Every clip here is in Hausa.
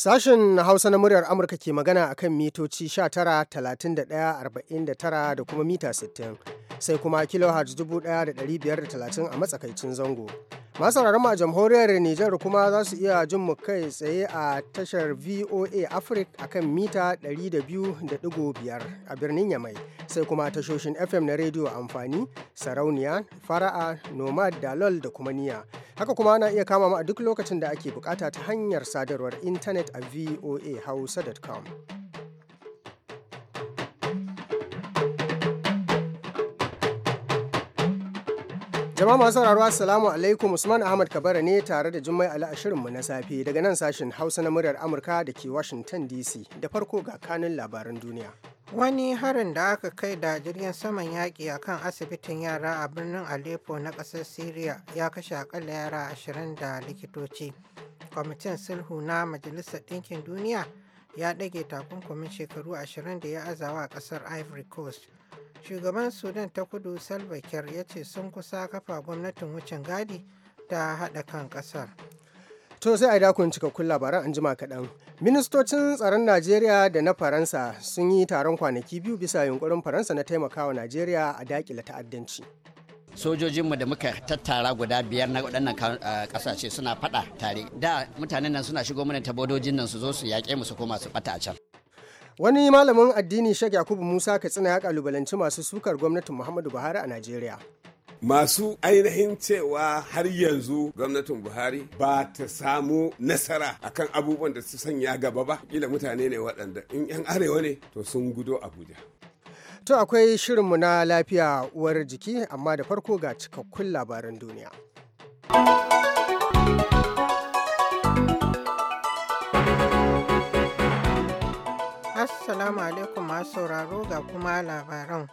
Sashen Hausa na muryar Amurka ke magana a kan mitoci 19, 31, 49 da kuma mita 60, sai kuma kilohertz 1530 a matsakaicin zango. Masu a jamhuriyar Nijar kuma za su iya jin mu kai tsaye a tashar VOA Africa a kan mita 200.5 a birnin Yamai, sai kuma tashoshin FM na rediyo amfani, sarauniya, fara'a, nomad, dalol da kuma niya. Haka kuma ana iya kama mu a duk lokacin da ake bukata ta hanyar sadarwar intanet a voa hausa.com. Jama'a masu sauraro Assalamu alaikum Usman Ahmad Kabara ne tare da Jummai Ali a shirinmu na safe daga nan sashen Hausa na muryar Amurka da ke Washington DC da farko ga kanun labaran duniya. Wani harin da aka kai da jirgin saman yaƙi a kan asibitin yara a birnin Aleppo na ƙasar Syria ya kashe akalla yara ashirin da likitoci. Kwamitin sulhu na Majalisar Ɗinkin Duniya ya ɗage takunkumin shekaru ashirin da ya azawa a ƙasar Ivory Coast. Shugaban Sudan ta kudu Salva Kiir ya ce sun kusa kafa gwamnatin wucin gadi ta hada kan kasar To sai a dakon cikakkun labaran an jima kaɗan. Ministocin tsaron Najeriya da na Faransa sun yi taron kwanaki biyu bisa yunkurin Faransa na taimakawa Najeriya a dakila ta'addanci. sojojinmu da muka tattara guda biyar na waɗannan ƙasashe suna faɗa tare da mutanen nan suna shigo mana tabodojin nan su zo su yaƙe mu su koma su ɓata a can Wani malamin addini Sheikh Yakubu Musa Katsina ya kalubalanci masu sukar gwamnatin Muhammadu Buhari a Najeriya. masu ainihin cewa har yanzu gwamnatin buhari ba ta samu nasara akan abubuwan da su sanya gaba ba kila mutane ne waɗanda in 'yan arewa ne to sun gudo abuja to akwai shirinmu na lafiya uwar jiki amma da farko ga cikakkun labaran duniya Assalamu alaikum masu sauraro ga kuma labaran.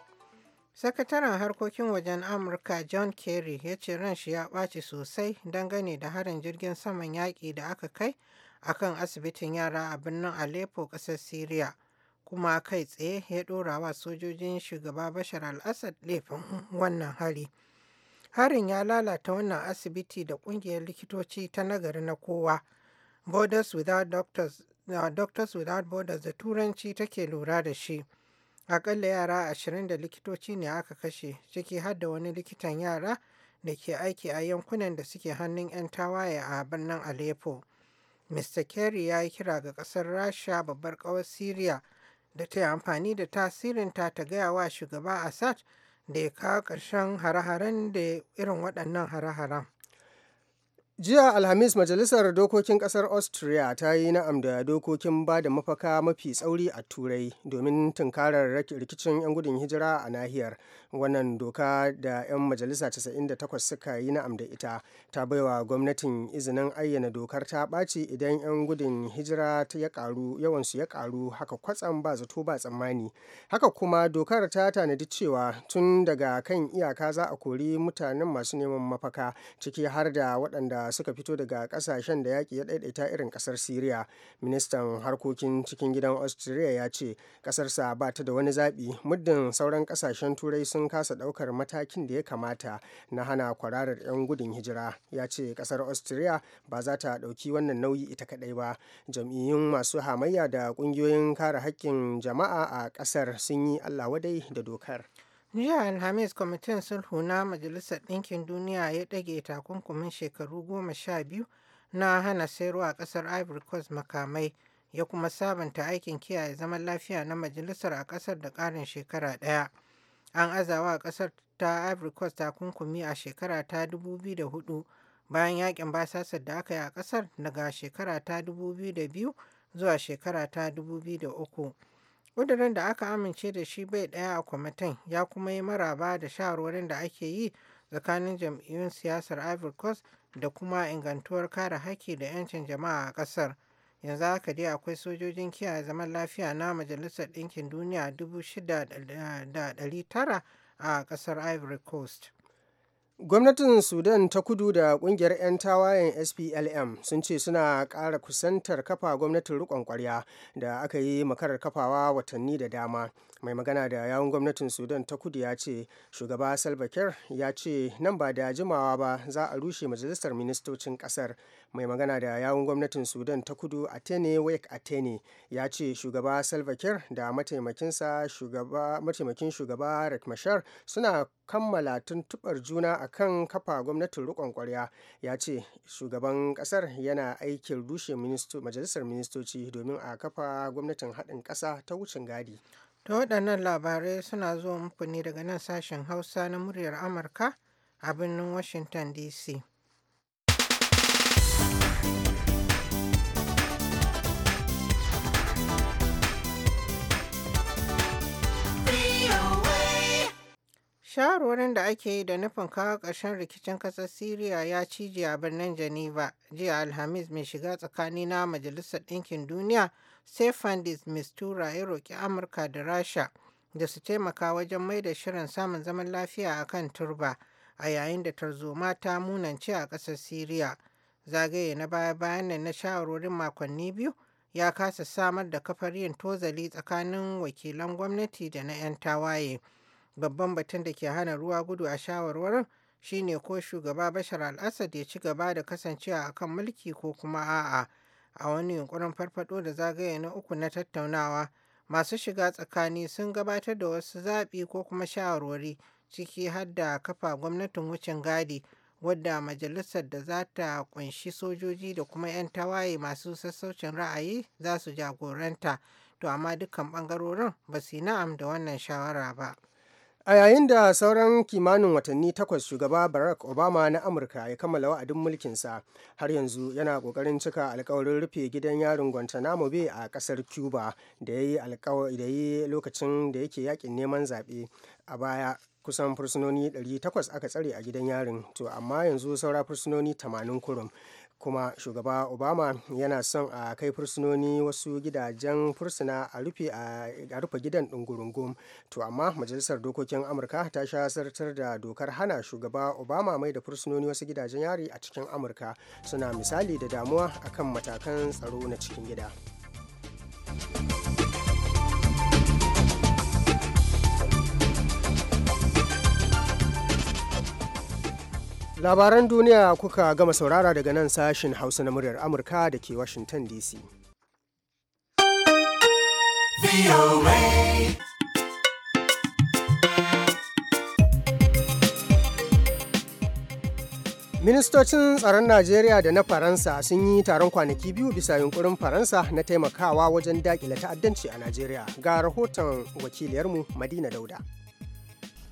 Sakataren harkokin wajen Amurka John Kerry ya ce ran shi ya ɓaci sosai dangane da harin jirgin saman yaƙi da aka kai a kan asibitin yara a birnin Aleppo ƙasar Syria Kuma kai tsaye ya ɗora wa sojojin shugaba Bashar al-Assad laifin wannan hari. Harin ya lalata wannan asibiti da ƙungiyar likitoci ta nagari na kowa. Borders Without Doctors A Doctors Without Borders da Turanci take lura da shi. Akalla yara ashirin da likitoci ne aka kashe, ciki har da wani likitan yara da ke aiki a yankunan da suke hannun 'yan tawaye a birnin Aleppo. Mr. Kerry ya yi kira ga ƙasar Rasha babbar ƙawar Siriya da ta yi amfani da tasirinta ta gaya wa shugaba Assad da ya kawo ƙarshen hare-haren da irin waɗannan hare-haren. jiya alhamis majalisar dokokin kasar austria ta yi na'am da dokokin ba da mafaka mafi tsauri a turai domin tunkarar rikicin 'yan gudun hijira a nahiyar wannan doka da 'yan majalisa 98 suka yi na'am da ita ta baiwa gwamnatin izinin ayyana dokar ta ɓaci idan 'yan gudun hijira ya karu yawansu ya karu haka kwatsam ba zato ba tsammani haka kuma dokar ta tanadi cewa tun daga kan iyaka za a kori mutanen masu neman mafaka ciki har da waɗanda suka fito daga kasashen da yaƙi ya ɗaiɗaita irin ƙasar Siriya. Ministan harkokin cikin gidan Austria ya ce ƙasarsa ba ta da wani zaɓi muddin sauran ƙasashen Turai sun kasa ɗaukar matakin da ya kamata na hana kwararar 'yan gudun hijira. Ya ce ƙasar Austria ba za ta ɗauki wannan nauyi ita kaɗai ba. Jam'iyyun masu hamayya da ƙungiyoyin kare haƙƙin jama'a a ƙasar sun yi Allah wadai da dokar. jiya alhamis kwamitin sulhu na majalisar ɗinkin duniya ya ɗage takunkumin shekaru goma sha biyu na hana sayarwa ƙasar ivory coast makamai ya kuma sabunta aikin kiyaye zaman lafiya na majalisar a ƙasar da ƙarin shekara ɗaya an azawa ƙasar ta ivory coast takunkumi a shekara ta 2004 bayan yakin basasar da aka yi a ƙasar daga shekara ta 2002 zuwa shekara ta 2003 ƙudurin da aka amince da shi bai ɗaya a kwamitin ya kuma yi maraba da shawarwarin da ake yi tsakanin jam'iyyun siyasar ivory coast da kuma ingantuwar kare haƙƙi da 'yancin jama'a a ƙasar yanzu haka dai akwai sojojin kiyaye zaman lafiya na majalisar ɗinkin duniya 6,900 a ƙasar ivory coast Gwamnatin Sudan ta kudu da kungiyar 'yan tawayen SPLM sun ce suna ƙara kusantar kafa gwamnatin riƙon ƙwarya da aka yi makarar kafawa watanni da dama mai magana da yawun gwamnatin sudan ta kudu ya ce shugaba salva kiir ya ce nan ba da jimawa ba za a rushe majalisar ministocin kasar mai magana da yawun gwamnatin sudan ta kudu atene wake atene ya ce shugaba salva kiir da mataimakinsa shugaba mataimakin shugaba rick mashar suna kammala tuntubar juna a kan kafa gwamnatin rikon kwarya ya ce shugaban kasar yana aikin rushe majalisar ministoci domin a kafa gwamnatin haɗin ƙasa ta wucin gadi Da waɗannan labarai suna zuwa muku ne daga nan sashen Hausa na muryar Amurka a birnin Washington DC. shawarwarin da ake yi da nufin kawo ƙarshen rikicin ƙasar siriya ya cije a birnin geneva jiya alhamis mai shiga tsakani na majalisar ɗinkin duniya Sefandis Mistura ya roƙi Amurka da Rasha da su taimaka wajen mai da shirin samun zaman lafiya a kan turba a yayin da tarzoma ta munance a ƙasar Siriya. Zagaye na baya-bayan nan na shawarorin makonni biyu ya kasa samar da kafar yin tozali tsakanin wakilan gwamnati da na 'yan tawaye. Babban batun da ke hana ruwa gudu a shawarwarin shine ko shugaba Bashar alasad ya ci gaba da kasancewa akan mulki ko kuma a'a. A wani yunkurin farfaɗo da zagaye na uku na tattaunawa, masu shiga tsakani sun gabatar da wasu zaɓi ko kuma shawarwari ciki har da kafa gwamnatin wucin gadi wadda majalisar da za ta kunshi sojoji da kuma 'yan tawaye masu sassaucin ra'ayi za su jagoranta, to amma dukkan ɓangarorin ba su yi na'am da wannan shawara ba. A yayin da sauran kimanin watanni takwas shugaba Barack Obama na Amurka ya kammala wa'adin mulkinsa har yanzu yana ƙoƙarin cika alkawarin rufe gidan yarin Guantanamo Bay a ƙasar Cuba da ya yi lokacin da yake yakin neman zaɓe a baya kusan fursunoni 800 aka tsare a gidan yarin to amma yanzu saura fursunoni 80 kurum kuma shugaba obama yana son a kai fursunoni wasu gidajen fursuna a rufe a rufe gidan ɗungurungum to amma majalisar dokokin amurka ta sha sartar da dokar hana shugaba obama mai da fursunoni wasu gidajen yari a cikin amurka suna misali da damuwa akan matakan tsaro na cikin gida. Labaran duniya kuka gama saurara daga nan sashin Hausa na muryar Amurka da ke Washington DC. Ministocin tsaron Najeriya da na Faransa sun yi taron kwanaki biyu bisa yunkurin Faransa na taimakawa wajen dakile ta'addanci a Najeriya ga rahoton wakiliyarmu Madina Dauda.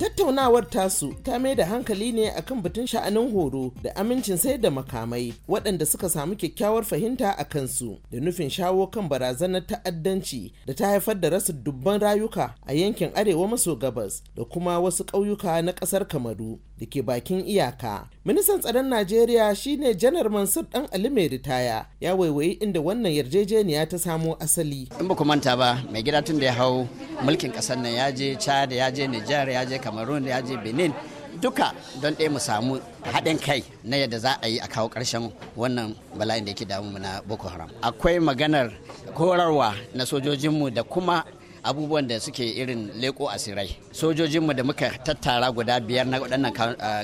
tattaunawar tasu ta mai da hankali ne akan batun sha'anin horo da amincin sayar da makamai waɗanda suka samu kyakkyawar fahimta a kansu da nufin shawo kan barazanar ta'addanci da ta haifar da rasa dubban rayuka a yankin arewa maso gabas da kuma wasu ƙauyuka na ƙasar kamaru da ke bakin iyaka ministan tsaron najeriya shine janar mansur dan ali mai ritaya ya waiwayi inda wannan yarjejeniya ta samo asali in ba manta ba mai gida tun da ya hau mulkin kasar nan ya je chad ya je nijar ya je cameroon ya je benin duka don ɗaya mu samu haɗin kai na yadda za a yi a kawo ƙarshen wannan bala'in da yake damu na boko haram akwai maganar horarwa na sojojinmu da kuma abubuwan da suke irin leko asirai sojojinmu da muka tattara guda biyar na waɗannan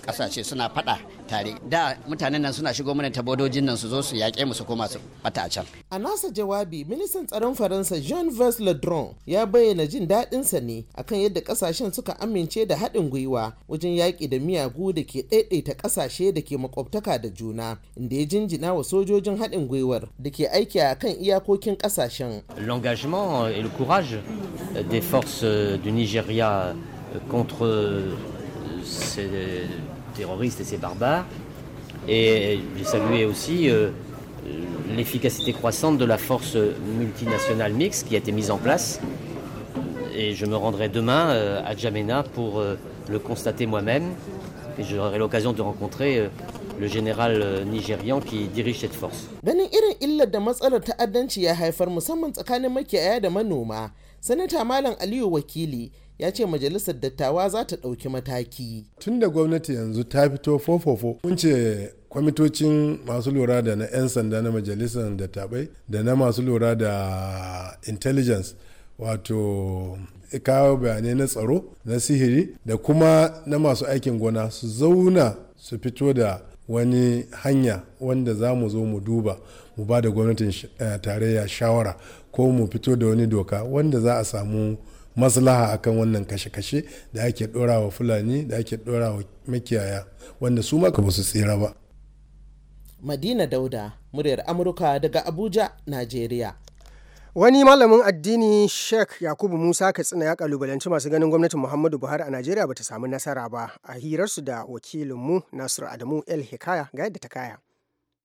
kasashe ah, suna faɗa tare da mutanen nan suna shigo mana ta bodojin nan su zo su yaƙe mu su koma su bata a can a nasa jawabi ministan tsaron faransa jean vers le dron ya bayyana jin daɗin sa ne akan yadda ƙasashen suka amince da haɗin gwiwa wajen yaƙi da miyagu da ke ɗaiɗaita ƙasashe da ke makwabtaka da juna inda ya jinjina wa sojojin haɗin gwiwar da ke aiki a kan iyakokin ƙasashen l'engagement et le courage des forces du Nigeria contre ces terroristes et ces barbares. Et j'ai salué aussi euh, l'efficacité croissante de la force multinationale mixte qui a été mise en place. Et je me rendrai demain euh, à Djamena pour euh, le constater moi-même. Et j'aurai l'occasion de rencontrer le général nigérian qui dirige cette force. ya ce majalisar dattawa za ta ɗauki mataki. Tun da gwamnati yanzu ta fito fofofo mun ce kwamitocin masu lura da na 'yan sanda na majalisar dattabai da na masu lura da intelligence wato kawo bayanai na tsaro na sihiri da kuma na masu aikin gona su zauna su fito da wani hanya wanda za mu zo mu duba mu ba da gwamnatin eh, tarayya shawara ko mu fito da wani doka wanda za a samu maslaha akan wannan kashe-kashe da ake ɗorawa fulani da ake wa makiyaya wanda su maka ba su tsira ba madina dauda muryar amurka daga abuja najeriya wani malamin addini sheikh yakubu musa katsina ya kalubalanci masu ganin gwamnatin muhammadu buhari a najeriya bata samu nasara ba a hirarsu da wakilinmu nasiru adamu el hikaya ga yadda ta kaya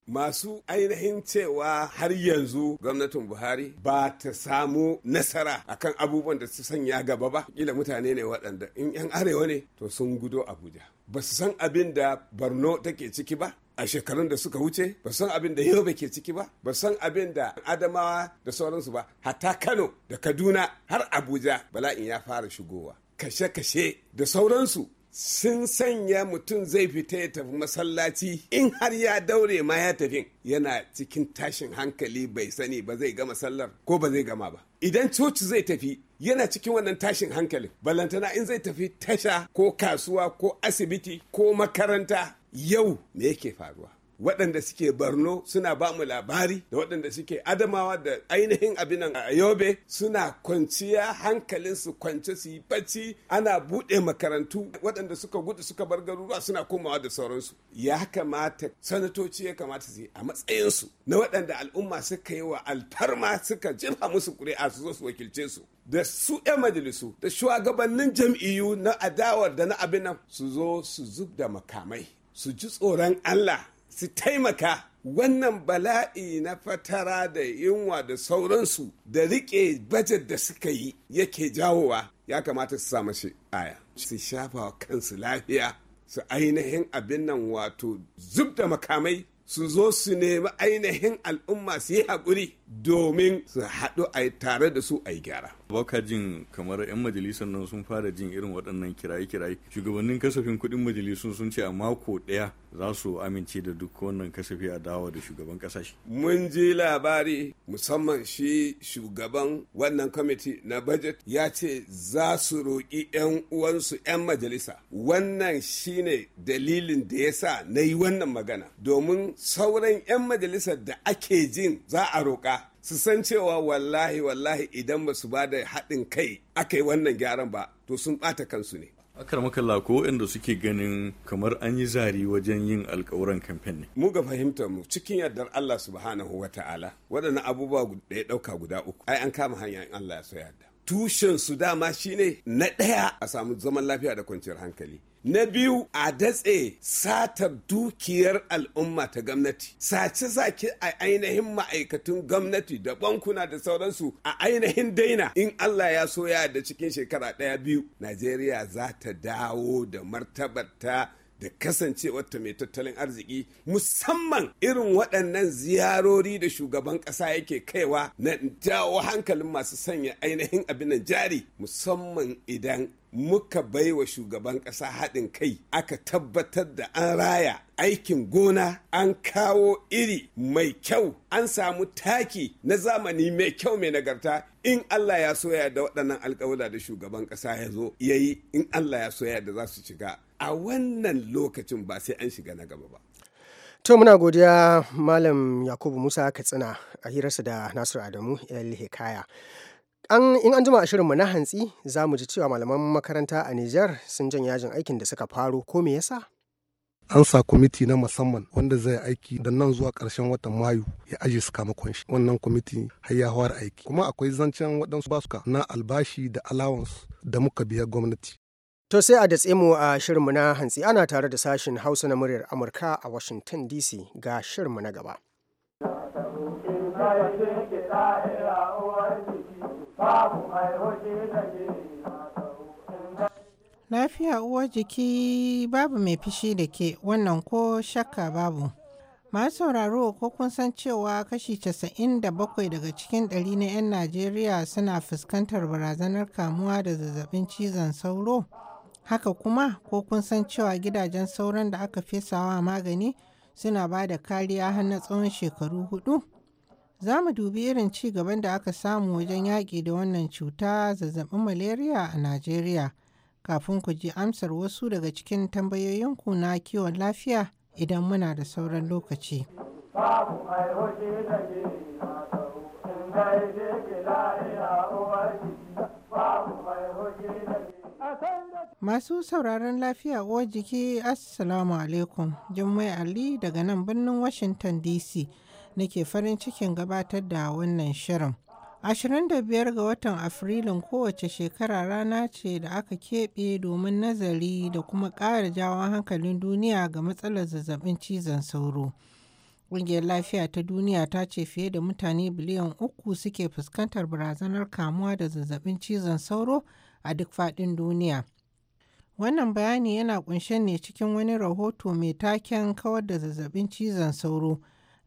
masu ainihin cewa har yanzu gwamnatin buhari ba ta samu nasara akan abubuwan da su sanya gaba ba kila mutane ne waɗanda in 'yan arewa ne to sun gudo abuja ba su san abin da borno take ciki ba a shekarun da suka wuce ba san abin da yobe ke ciki ba ba san abin da adamawa da sauransu ba hatta kano da kaduna har abuja bala'in ya fara shigowa kashe-kashe da sauransu sun sanya mutum zai fita ya tafi masallaci in har ya daure ma ya tafi yana cikin tashin hankali bai sani ba zai gama sallar ko ba zai gama ba idan coci zai tafi yana cikin wannan tashin hankalin balantana in zai tafi tasha ko kasuwa ko asibiti ko makaranta yau me yake faruwa waɗanda suke barno suna ba mu labari da waɗanda suke adamawa da ainihin abinan a yobe suna kwanciya hankalinsu kwance su yi bacci ana buɗe makarantu waɗanda suka gudu suka bar garuruwa suna komawa da sauransu ya kamata sanatoci ya kamata su yi a matsayinsu na waɗanda al'umma suka yi wa alfarma suka jefa musu ƙuri'a su zo su wakilce su da su 'yan majalisu da shugabannin jam'iyyu na adawar da na abinan su zo su zub da makamai su ji tsoron Allah su taimaka wannan bala'i na fatara da yunwa da sauransu da rike bajet da suka yi yake jawowa ya kamata su samu shi aya su shafa wa kansu lafiya su ainihin abin nan wato zub da makamai su zo su nemi ainihin al'umma su yi haƙuri domin su haɗu a tare da su a yi gyara. Baka jin kamar 'yan majalisar nan sun fara jin irin waɗannan kiraye-kiraye. Shugabannin kasafin kuɗin majalisun sun ce a mako ɗaya za su amince da duk wannan kasafi a dawo da shugaban ƙasashe. Mun ji labari musamman shi shugaban wannan kwamiti na bajet ya ce za su roƙi 'yan uwansu 'yan majalisa. Wannan shine dalilin da ya sa na yi wannan magana domin sauran 'yan majalisar da ake jin za a roƙa su san cewa wallahi wallahi idan ba su ba da haɗin kai aka yi wannan gyaran ba to sun ɓata kansu ne akar ko waɗanda suke ganin kamar an yi zari wajen yin alkawuran kamfen ne. Mu ga fahimtar mu cikin yardar Allah subhanahu wa ta'ala waɗannan abubuwa da ya ɗauka guda uku ai an kama hanya in Allah ya so yarda. Tushen su dama shine na ɗaya a samu zaman lafiya da kwanciyar hankali. na biyu a datse satar dukiyar al'umma ta gwamnati sace-sace a ainihin ma'aikatun gwamnati da bankuna da sauransu a ainihin daina in allah ya so ya da cikin shekara ɗaya biyu najeriya za ta dawo da martabarta da kasancewarta mai tattalin arziki musamman irin waɗannan ziyarori da shugaban ƙasa yake kaiwa na jawo hankalin masu sanya ainihin abinan jari musamman idan muka baiwa shugaban ƙasa haɗin kai aka tabbatar da an raya aikin gona an kawo iri mai kyau an samu taki na zamani mai kyau mai nagarta in Allah ya soya da waɗannan alƙawula da shugaban ƙasa ya zo ya yi in Allah ya soya da za su shiga a wannan lokacin ba sai an shiga na gaba ba. To muna godiya Malam Yakubu Musa Katsina a hirarsa da Nasiru Adamu El Hikaya. An in an jima a shirinmu na hantsi za mu ji cewa malaman makaranta a Nijar sun jan yajin aikin da suka faro ko me yasa? An sa kwamiti na musamman wanda zai aiki da nan zuwa ƙarshen watan Mayu ya su sakamakon shi. Wannan kwamiti har ya aiki. Kuma akwai zancen waɗansu basuka na albashi da allowance da muka biya gwamnati. To sai a datse mu a shirinmu na hantsi ana tare da sashin Hausa na muryar Amurka a Washington DC ga shirinmu na gaba. Lafiya uwa jiki babu mai fishi da ke wannan ko shakka babu. Masu sauraro ko kun san cewa kashi 97 daga cikin ɗari na 'yan Najeriya suna fuskantar barazanar kamuwa da zazzabin cizon sauro. Haka kuma ko kun san cewa gidajen sauran da aka fesawa magani suna ba da kariya har na tsawon shekaru hudu. Za mu dubi irin ci gaban da aka samu wajen yaƙi da wannan cuta zazzabin malaria a Najeriya kafin ku ji amsar wasu daga cikin tambayoyinku na kiwon lafiya idan muna da sauran lokaci. Masu sauraron lafiya uwar jiki Assalamu alaikum, Jummai Ali daga nan birnin Washington DC. nake farin cikin gabatar da wannan shirin. 25 ga watan Afrilun kowace shekara rana ce da aka keɓe domin nazari da kuma ƙara jawon hankalin duniya ga matsalar zazzabin cizon sauro. Ƙungiyar lafiya ta duniya ta ce fiye da mutane biliyan uku suke fuskantar barazanar kamuwa da zazzabin cizon sauro a duk faɗin duniya. Wannan bayani yana ƙunshe ne cikin wani rahoto mai taken kawar da zazzabin cizon sauro.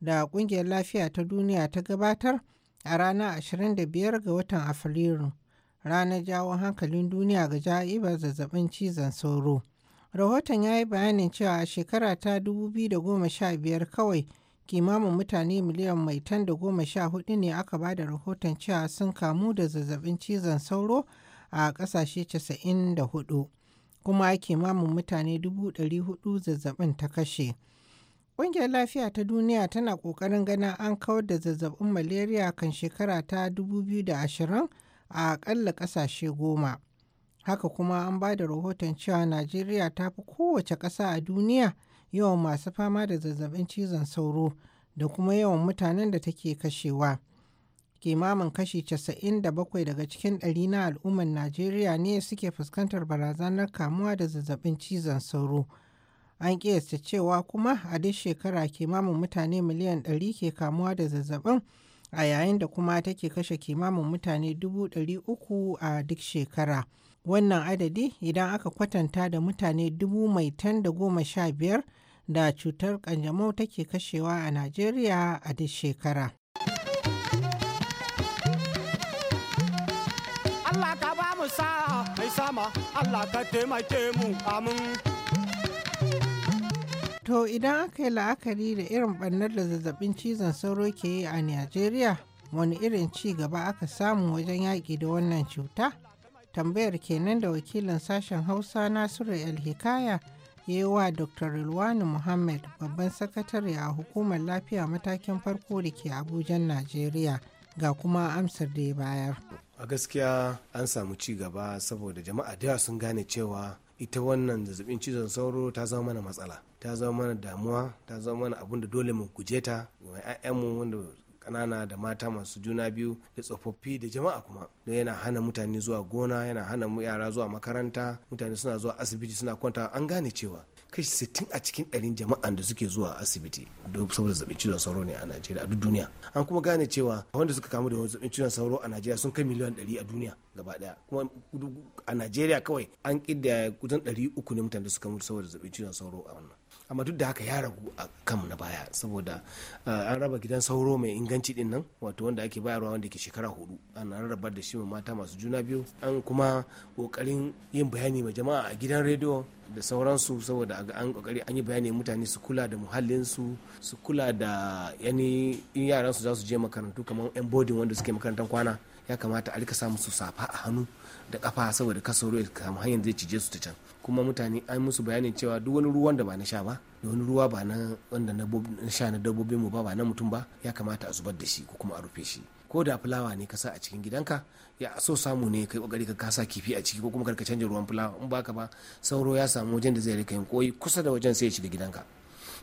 da Ƙungiyar Lafiya ta Duniya ta gabatar a ranar 25 ga watan Afrilu, ranar jawo hankalin duniya ga ja'ibar zazzabin cizon sauro. Rahoton ya yi bayanin cewa a shekara ta 2015 kawai kimamin mutane miliyan mai tan da goma sha hudu ne aka ba da rahoton cewa sun kamu da zazzabin cizon sauro a ƙasashe 94 kuma kimamin mutane 400 zazzabin ta kashe. Ƙungiyar Lafiya ta Duniya tana ƙoƙarin ganin an kawar da zazzabin malaria kan shekara ta 2020 a ƙalla ƙasashe goma. Haka kuma an ba da rahoton cewa Najeriya ta fi kowace ƙasa a duniya yawan masu fama da zazzabin cizon sauro da kuma yawan mutanen da take kashewa. Kimamin kashi 97 daga cikin ɗari na al'ummar Najeriya ne suke fuskantar barazanar kamuwa da zazzabin cizon sauro. an kiyasta cewa kuma a duk shekara kimamin mutane miliyan 100 ke kamuwa da zazzabin a yayin da kuma take kashe kimamin mutane 300 a duk shekara wannan adadi idan aka kwatanta da mutane dubu mai da goma sha biyar da cutar kanjamau take kashewa a najeriya a duk shekara Allah ka ba mu sa'a mai sama Allah ka taimake mu amin To idan aka yi la'akari da irin bannar da zazzabin cizon sauro ke yi a Najeriya, wani irin ci gaba aka samu wajen yaƙi da wannan cuta? Tambayar kenan da wakilin sashen Hausa Nasiru El-Hikaya ya yi wa Dr. Rilwani Muhammad babban sakatare a hukumar lafiya matakin farko da ke Abujan Najeriya ga kuma amsar da ya bayar. A gaskiya an samu ci gaba saboda jama'a da sun gane cewa ita wannan zazzabin cizon sauro ta zama mana matsala. ta zama mana damuwa ta zama mana abin da dole mu guje ta wa 'ya'yanmu wanda kanana da mata masu juna biyu da tsofaffi da jama'a kuma don yana hana mutane zuwa gona yana hana yara zuwa makaranta mutane suna zuwa asibiti suna kwanta an gane cewa kashi sittin a cikin ɗarin jama'an da suke zuwa asibiti don saboda zaɓin cizon sauro ne a najeriya a duk duniya an kuma gane cewa wanda suka kamu da zaɓin cizon sauro a najeriya sun kai miliyan ɗari a duniya gaba ɗaya kuma a najeriya kawai an ƙidda kusan ɗari uku ne mutane da suka mutu saboda zaɓin cizon sauro a wannan amma duk da haka ya ragu a kan na baya saboda eh, an raba gidan sauro mai inganci din nan wato wanda ake bayarwa wanda ke shekara hudu ana rarraba da shi mata masu juna biyu an kuma kokarin yin bayani ma jama'a a gidan rediyo da sauransu saboda an kokari an yi bayani mutane su kula da muhallinsu su kula da yani in yaran su za su je makarantu kamar yan bodin wanda suke makarantar kwana ya kamata a rika samu su safa a hannu da kafa saboda kasoro ya kama hanyar zai cije su ta can kuma mutane an musu bayanin cewa duk wani ruwan da ba na sha ba da wani ruwa ba na wanda na sha na dabbobin mu ba ba na mutum ba ya kamata a zubar da shi ko kuma a rufe shi ko da fulawa ne ka sa a cikin gidanka ya so samu ne kai kokari ka kasa kifi a ciki ko kuma karka canja ruwan fulawa in baka ba sauro ya samu wajen da zai rika yin koyi kusa da wajen sai ya shiga gidanka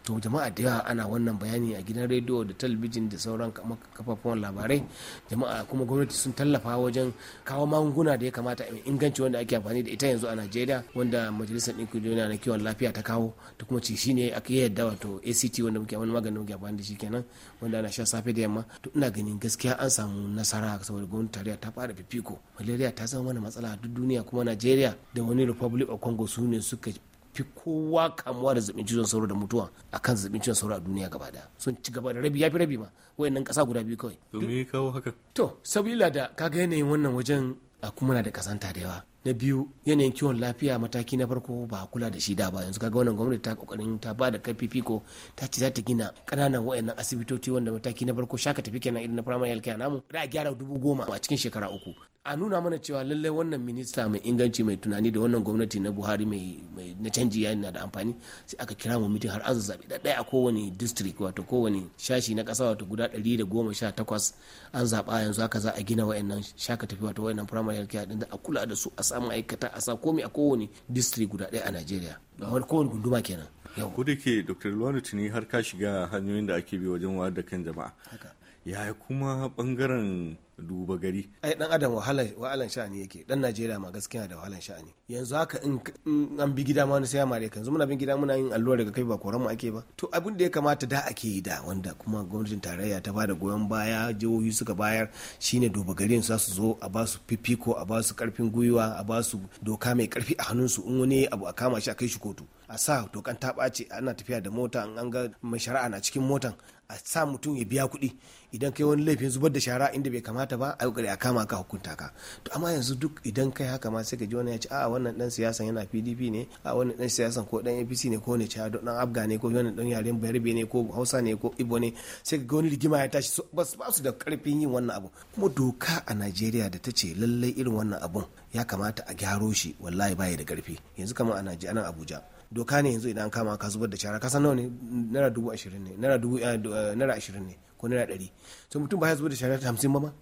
to jama'a da yawa ana wannan bayani a gidan rediyo da talabijin da sauran kafafuwan labarai jama'a kuma gwamnati sun tallafa wajen kawo magunguna da ya kamata mai inganci wanda ake amfani da ita yanzu a najeriya wanda majalisar ɗinkin duniya na kiwon lafiya ta kawo ta kuma ne shine ke yadda wato act wanda muke wani maganin muke amfani da shi kenan wanda ana sha safe da yamma to ina ganin gaskiya an samu nasara saboda gwamnati tarayya ta fara fifiko malaria ta zama mana matsala a duk duniya kuma najeriya da wani republic of congo su ne suka fi kowa kamuwa da zaɓin cizon sauro da mutuwa a kan zaɓin cizon sauro a duniya gaba da sun ci gaba da rabi ya fi rabi ma wayannan kasa guda biyu kawai to me kawo haka to sabila da kaga yanayin wannan wajen a kuma na da kasanta da yawa na biyu yanayin kiwon lafiya mataki na farko ba kula da shi da ba yanzu kaga wannan gwamnati ta kokarin ta ba da karfi fiko ta ce za ta gina kananan wayannan asibitoci wanda mataki na farko shaka tafi kenan irin na primary health care namu da a gyara dubu goma a cikin shekara uku a nuna mana cewa lallai wannan minista mai inganci mai tunani da wannan gwamnati na buhari mai na canji ya na da amfani sai aka kira mu mitin har an zaɓi da ɗaya a kowane district wato kowane shashi na kasa wato guda ɗari da goma sha takwas an zaɓa yanzu haka za a gina wayannan shaka tafi wato wayannan primary health care da a kula da su a sa ma'aikata a sa komi a kowane district guda ɗaya a Najeriya a wani kowane gunduma kenan ko da ke dr Luwani tuni har ka shiga hanyoyin da ake bi wajen wayar da kan jama'a ya kuma bangaren duba gari ai dan adam wahalan sha'ani yake dan najeriya ma gaskiya da wahalan sha'ani yanzu haka in an bi gida ma wani sai mare yanzu muna bin gida muna yin allura daga kai ba koran mu ake ba to abin da ya kamata da ake yi da wanda kuma gwamnatin tarayya ta bada goyon baya jihohi suka bayar shine duba gari su su zo a ba su fifiko a ba su karfin gwiwa a ba su doka mai karfi a hannun su in wani abu a kama shi a kai shi kotu a sa dokan ta ɓace ana tafiya da mota an ga mai shari'a na cikin motan a sa mutum ya biya kuɗi idan kai wani laifin zubar da shara inda bai kamata ba a yi a kama ka hukunta ka to amma yanzu duk idan kai haka ma sai ka ji wani ya ce a wannan dan siyasan yana PDP ne a wannan dan siyasan ko dan APC ne ko ne dan Abga ne ko wannan dan yaren Bayarbe ne ko Hausa ne ko Ibo ne sai ka ga wani rigima ya tashi ba su da karfin yin wannan abu kuma doka a Najeriya da ta ce lallai irin wannan abun ya kamata a gyaro shi wallahi baya da karfi yanzu kamar a Najeriya nan Abuja doka ne yanzu idan kama ka zubar da shara kasan nawa ne naira dubu ashirin ne naira dubu eh, eh, naira ashirin ne ko naira ɗari to mutum ba ya zubar da shara ta hamsin ba ma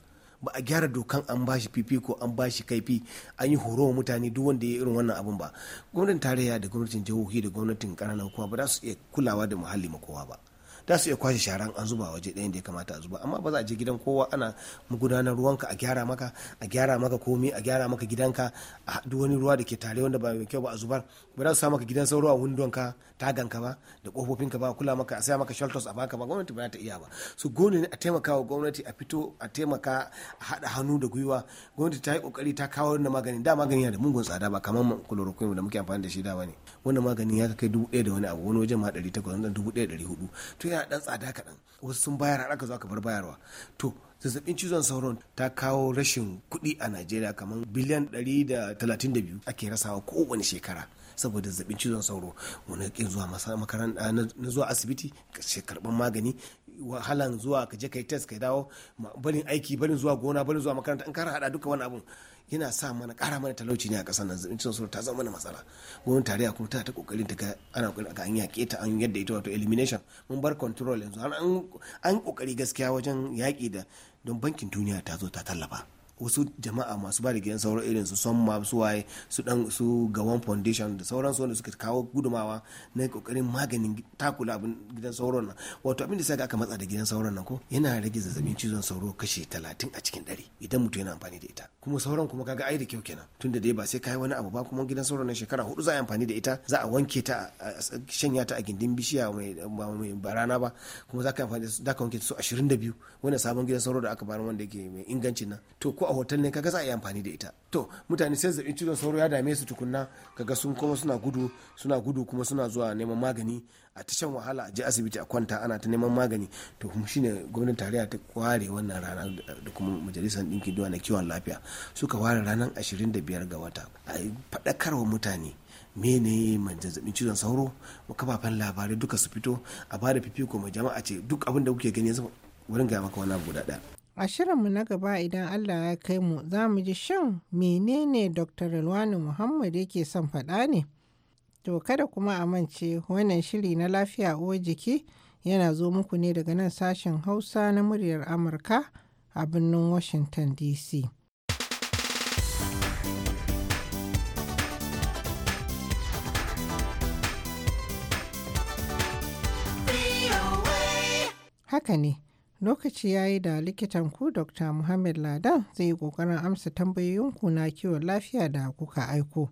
ba a gyara dokan an ba shi fifi ko an ba shi kaifi an yi horo mutane duk wanda ya irin wannan abun ba gwamnatin tarayya da gwamnatin jihohi da gwamnatin ƙananan kowa ba za su iya kulawa da muhalli ma kowa ba da su iya kwashe sharan an zuba waje ɗayan da ya kamata a zuba amma ba za a je gidan kowa ana magudanar ruwanka a gyara maka a gyara maka komi a gyara maka gidanka a duk wani ruwa da ke tare wanda ba mai kyau ba a zubar ba za su sa maka gidan sauro a windonka taganka ba da kofofinka ba kula maka a saya maka shelters a baka ba gwamnati ba za ta iya ba su gone ne a taimaka wa gwamnati a fito a taimaka a haɗa hannu da gwiwa gwamnati ta yi kokari ta kawo wannan maganin da magani yana da mungon tsada ba kamar chloroquine da muke amfani da shi da wani wannan magani ya kai dubu ɗaya da wani abu wani wajen ma ɗari takwas dubu ɗaya ɗari hudu yana dan tsada kaɗan wasu sun bayar har aka zo bar bayarwa to zazzabin cizon sauron ta kawo rashin kuɗi a najeriya kamar biliyan 132 ake rasawa kowane shekara saboda zazzabin cizon sauro wani kin zuwa makaranta na zuwa asibiti karban magani wahalan zuwa ka je kai test ka dawo barin aiki barin zuwa gona barin zuwa makaranta in kara hada duka wani abun yana sa mana ƙara mana talauci ne a kasar nan zaɓin soro ta zama mana matsala gwamnatin tarayya kuma tana ta ƙoƙarin ta ana kokarin ga an yaƙe ta an yadda ita wato elimination mun bar control yanzu an kokari gaskiya wajen yaƙi da don bankin duniya ta zo ta tallafa wasu jama'a masu ba da gidan sauro irin su son su waye su dan su one foundation da su wanda suka kawo gudumawa na kokarin maganin takula abin gidan sauron nan wato abin da sai aka matsa da gidan sauron nan ko yana rage zazzabin cizon sauro kashi talatin a cikin dare idan mutum yana amfani da ita kuma sauran kuma kaga ai da kyau kenan tunda dai ba sai kai wani abu ba kuma gidan sauron nan shekara hudu za a amfani da ita za a wanke ta a shanya ta a gindin bishiya mai barana ba kuma za ka amfani da wanke ta so 22 wannan sabon gidan sauro da aka bayar wanda yake mai ingancin nan to ko a hotel ne kaga za a yi amfani da ita to mutane sai zabi cizon sauro ya dame su tukunna kaga sun kuma suna gudu suna gudu kuma suna zuwa neman magani a ta shan wahala a je asibiti a kwanta ana ta neman magani to kuma shine gwamnatin tarayya ta kware wannan rana da kuma majalisar ɗinkin duwa na kiwon lafiya suka ware ranar da biyar ga wata a faɗakarwa mutane mene man zazzabin cizon sauro kafafen labarai duka su fito a bada fifiko ma jama'a ce duk abin da kuke gani yanzu wurin gaya maka wani abu guda ɗaya A shirinmu na gaba idan Allah ya kai mu za mu ji shan menene Dr. Rilwani Muhammad yake son faɗa ne? To kada kuma a mance wannan shiri na lafiya uwar jiki yana zo muku ne daga nan sashen Hausa na muryar Amurka a birnin Washington DC. Haka ne. lokaci ya yi da likitan ku dr muhammad ladan zai yi kokarin amsa tambayoyinku na kiwon lafiya da kuka aiko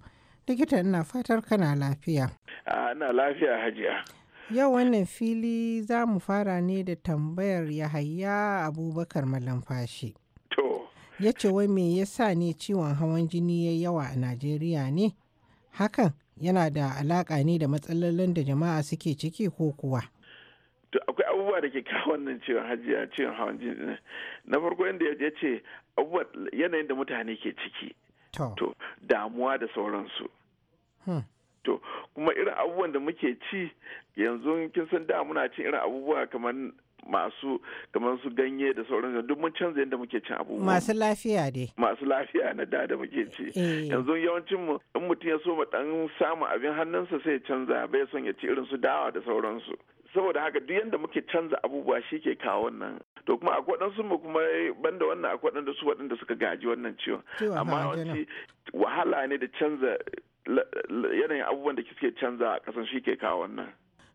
likita ina fatar kana lafiya ana lafiya hajiya yau wannan fili za mu fara ne da tambayar yahaya abubakar malamfashi to ya ce wai me yasa ne ciwon hawan jini ya yawa a najeriya ne hakan yana da alaƙa ne da matsalolin da jama'a suke ciki ko kuwa abubuwa da ke kawo wannan ciwon a ciwon hawan jini na farko inda ya ce abubuwa yanayin da mutane ke ciki to damuwa da sauransu hmm. to kuma irin abubuwan da muke ci yanzu kin san da muna cin irin abubuwa kamar masu kamar su ganye da sauran duk mun canza yadda muke cin abubuwa masu lafiya dai masu lafiya na da da muke ci eh. yanzu yawancin mu in mutum ya so ma dan samu abin hannunsa sai ya canza bai son ya ci irin su dawa da sauransu saboda haka duk yadda muke canza abubuwa shi ke kawo wannan to kuma akwai waɗansu mu kuma banda wannan akwai waɗanda su waɗanda suka gaji wannan ciwon amma wani wahala ne da canza yanayin abubuwan da suke canza a ƙasan shi ke kawo wannan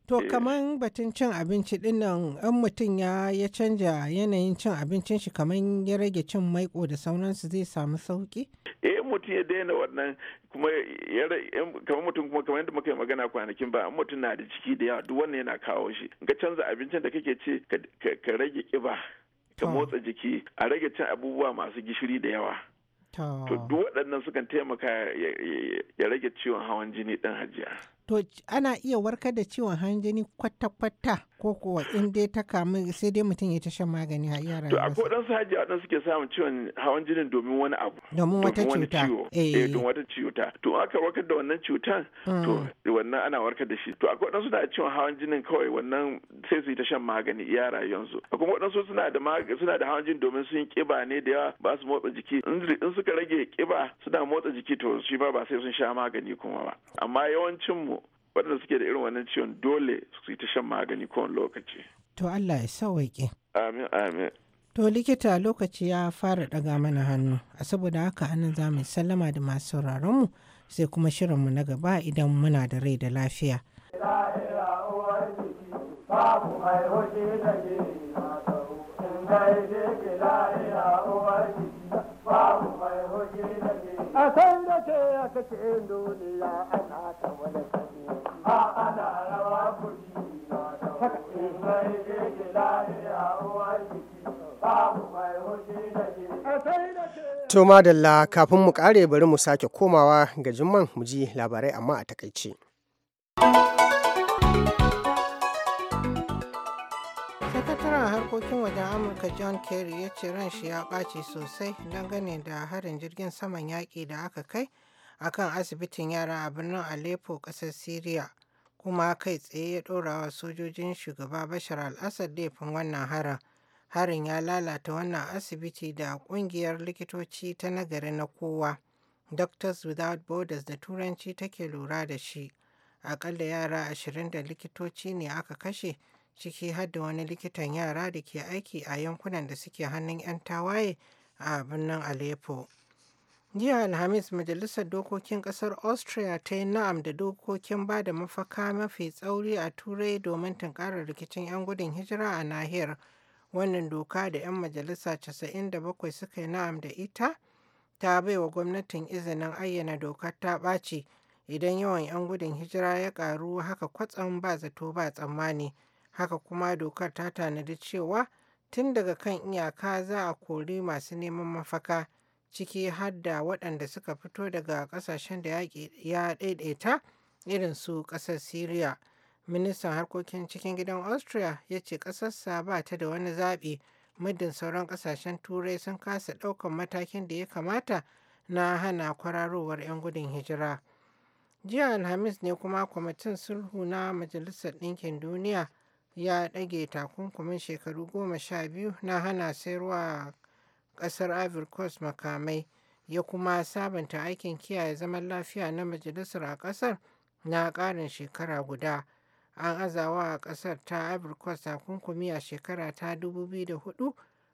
To eh. kaman batun cin abinci dinnan an mutum ya ya canja yanayin cin abincin shi kaman ya rage cin maiko da sauransu zai samu sauki? Eh mutum ya daina wannan kuma kamar mutum kuma kamar yadda muka yi magana kwanakin ba mutum na da ciki da yawa duk wannan yana kawo shi. Ga canza abincin da kake ci ka rage kiba ka motsa jiki a rage cin abubuwa masu gishiri da yawa. To duk waɗannan sukan taimaka ya rage ciwon hawan jini ɗin hajiya. to ana iya warkar da ciwon hanjini kwata-kwata ko kuwa in dai ta kamu sai dai mutum ya ta shan magani har yaran to akwai wadansu hajji wadansu suke samun ciwon hawan jinin domin wani abu domin wata cuta eh, eh domin wata cuta to aka warkar da wannan cutan hmm. to wannan ana warkar da shi to akwai wadansu suna ciwon hawan jinin kawai wannan sai su yi ta shan magani iya rayuwarsu akwai su suna da suna da hawan jini domin sun kiba ne da yawa ba su motsa jiki in suka rage kiba suna motsa jiki to shi ba ba sai sun sha magani kuma ba amma yawancin mu waɗanda suke da irin wannan ciwon dole su yi ta shan magani kowane lokaci. To Allah ya sauwaƙe. Amin amin. To likita lokaci ya fara ɗaga mana hannu, a saboda haka anan za mu sallama da masu mu sai kuma shirin mu na gaba idan muna da rai da lafiya. babu mai hoji da ke in ke lahira uwarki a kai da ke a kace duniya ana ta wani sani a ana rawa kuri na da wani mai ke da uwar jiki babu mai hoji da ke a kai da ke to madalla kafin mu kare bari mu sake komawa ga jimman mu ji labarai amma a takaice. harkokin wajen amurka john kerry ya ce ran shi ya ɓaci sosai dangane da harin jirgin saman yaƙi da aka kai akan asibitin yara a birnin aleppo ƙasar syria kuma kai tsaye ya ɗora wa sojojin shugaba bashar al-assad laifin wannan harin harin ya lalata wannan asibiti da ƙungiyar likitoci ta nagari na kowa doctors without borders da turanci take lura da shi Akalla yara ashirin da likitoci ne aka kashe ciki har da wani likitan yara da ke aiki a yankunan da suke hannun 'yan tawaye a birnin Aleppo. Jiya Alhamis Majalisar Dokokin Ƙasar Austria ta yi na'am da dokokin ba da mafaka mafi tsauri a Turai domin tunkarar rikicin 'yan gudun hijira a nahiyar. Wannan doka da 'yan majalisa 97 suka yi na'am da ita ta baiwa gwamnatin izinin ayyana dokar ta ɓaci idan yawan 'yan gudun hijira ya ƙaru haka kwatsam ba zato ba tsammani. Haka kuma dokar ta tanadi cewa tun daga kan iyaka za a kori masu neman mafaka ciki har da waɗanda suka fito daga ƙasashen da ya ɗaiɗaita irin su ƙasar Siriya. Ministan harkokin cikin gidan Austria ya ce ƙasarsa ba ta da wani zaɓi muddin sauran ƙasashen Turai sun kasa ɗaukan matakin da ya kamata na hana kwararowar 'yan gudun hijira. Jiya Alhamis ne kuma kwamitin sulhu na Majalisar Ɗinkin Duniya ya ɗage takunkumin shekaru goma sha biyu na hana sayarwa ƙasar Ivory Coast makamai ya kuma sabunta aikin kiyaye zaman lafiya na majalisar a ƙasar na ƙarin shekara guda. An azawa a ƙasar ta Ivory Coast takunkumi a shekara ta 2004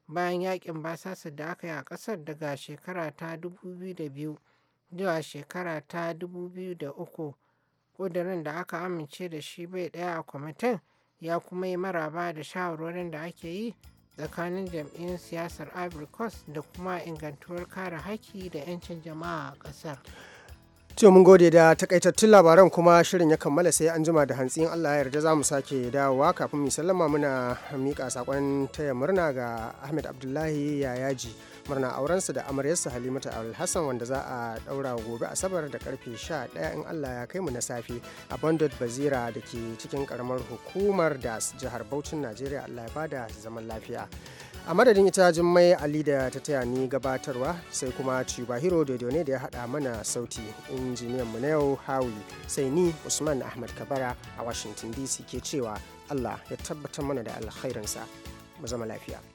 bayan yakin basasa da aka yi a ƙasar daga shekara ta 2002 zuwa shekara ta 2003 ƙudurin da aka amince da shi bai ɗaya a kwamitin ya kuma yi maraba da shawarwarin da ake yi tsakanin jam'iyyun siyasar ivory coast da kuma ingantuwar kare haƙƙi da 'yancin jama'a a ƙasar To mun gode da takaitattun labaran kuma shirin ya kammala sai an jima da hantsin Allah ya yarda zamu sake dawowa kafin mu sallama muna mika saƙon taya murna ga Ahmed Abdullahi Yayaji. murna aurensu da amaryarsa halimatu alhassan wanda za a daura gobe asabar da karfe 11 in allah ya kai mu na safe a bandot bazira da ke cikin karamar hukumar da jihar Bauchin Najeriya Allah ya bada zaman lafiya. A madadin ita mai Ali da ta taya ni gabatarwa sai kuma hero Dodo ne da ya hada mana sauti injiniyan mu na yau Hawi sai ni Usman Ahmad Kabara a Washington DC ke cewa Allah ya tabbatar mana da alkhairinsa mu zama lafiya.